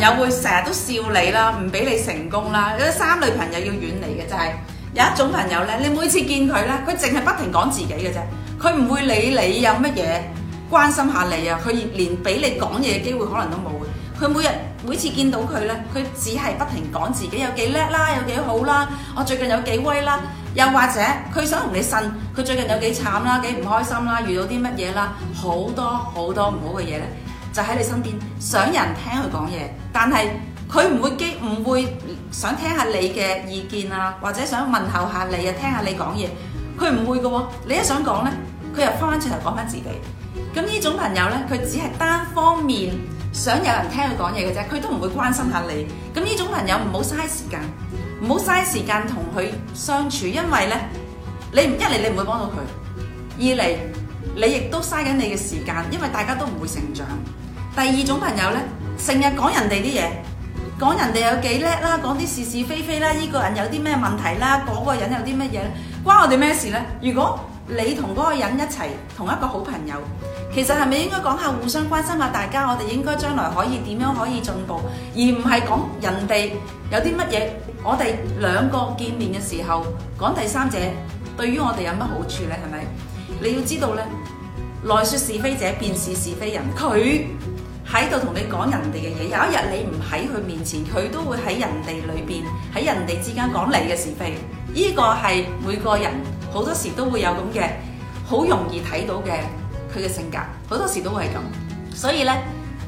朋友會成日都笑你啦，唔俾你成功啦。有三類朋友要遠離嘅就係，有一種朋友咧，你每次見佢咧，佢淨係不停講自己嘅啫，佢唔會理你有乜嘢，關心下你啊，佢連俾你講嘢嘅機會可能都冇。佢每日每次見到佢咧，佢只係不停講自己有幾叻啦，有幾好啦，我最近有幾威啦。又或者佢想同你呻，佢最近有幾慘啦，幾唔開心啦，遇到啲乜嘢啦，好多好多唔好嘅嘢咧。就喺你身邊，想有人聽佢講嘢，但係佢唔會嘅唔會想聽下你嘅意見啊，或者想問候下你啊，聽下你講嘢，佢唔會嘅喎。你一想講呢，佢又翻返轉頭講翻自己。咁呢種朋友呢，佢只係單方面想有人聽佢講嘢嘅啫，佢都唔會關心下你。咁呢種朋友唔好嘥時間，唔好嘥時間同佢相處，因為呢，你唔一嚟你唔會幫到佢，二嚟，你亦都嘥緊你嘅時間，因為大家都唔會成長。第二種朋友呢，成日講人哋啲嘢，講人哋有幾叻啦，講啲是是非非啦，呢個人有啲咩問題啦，嗰個人有啲乜嘢，關我哋咩事呢？如果你同嗰個人一齊同一個好朋友，其實係咪應該講下互相關心下大家，我哋應該將來可以點樣可以進步，而唔係講人哋有啲乜嘢，我哋兩個見面嘅時候講第三者，對於我哋有乜好處呢？係咪？你要知道呢，來說是非者，便是是非人。佢喺度同你講人哋嘅嘢，有一日你唔喺佢面前，佢都會喺人哋裏邊，喺人哋之間講你嘅是非。呢個係每個人好多時都會有咁嘅、好容易睇到嘅佢嘅性格，好多時都會係咁。所以呢，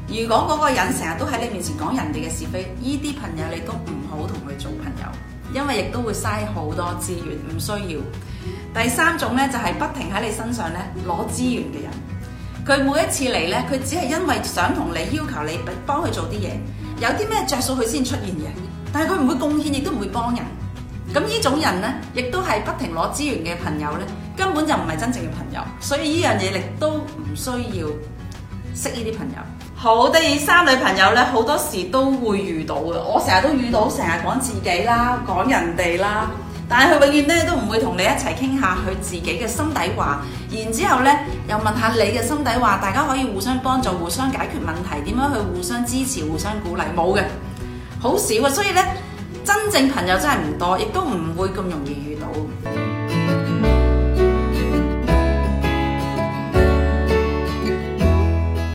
如果嗰個人成日都喺你面前講人哋嘅是非，呢啲朋友你都唔好同佢做朋友。因為亦都會嘥好多資源，唔需要。第三種呢，就係不停喺你身上呢攞資源嘅人，佢每一次嚟呢，佢只係因為想同你要求你幫佢做啲嘢，有啲咩着數佢先出現嘅。但係佢唔會貢獻，亦都唔會幫人。咁呢種人呢，亦都係不停攞資源嘅朋友呢，根本就唔係真正嘅朋友。所以呢樣嘢你都唔需要識呢啲朋友。好得意，三類朋友咧，好多時都會遇到嘅。我成日都遇到，成日講自己啦，講人哋啦。但係佢永遠咧都唔會同你一齊傾下佢自己嘅心底話，然之後咧又問下你嘅心底話。大家可以互相幫助、互相解決問題、點樣去互相支持、互相鼓勵，冇嘅，好少嘅。所以咧，真正朋友真係唔多，亦都唔會咁容易遇到。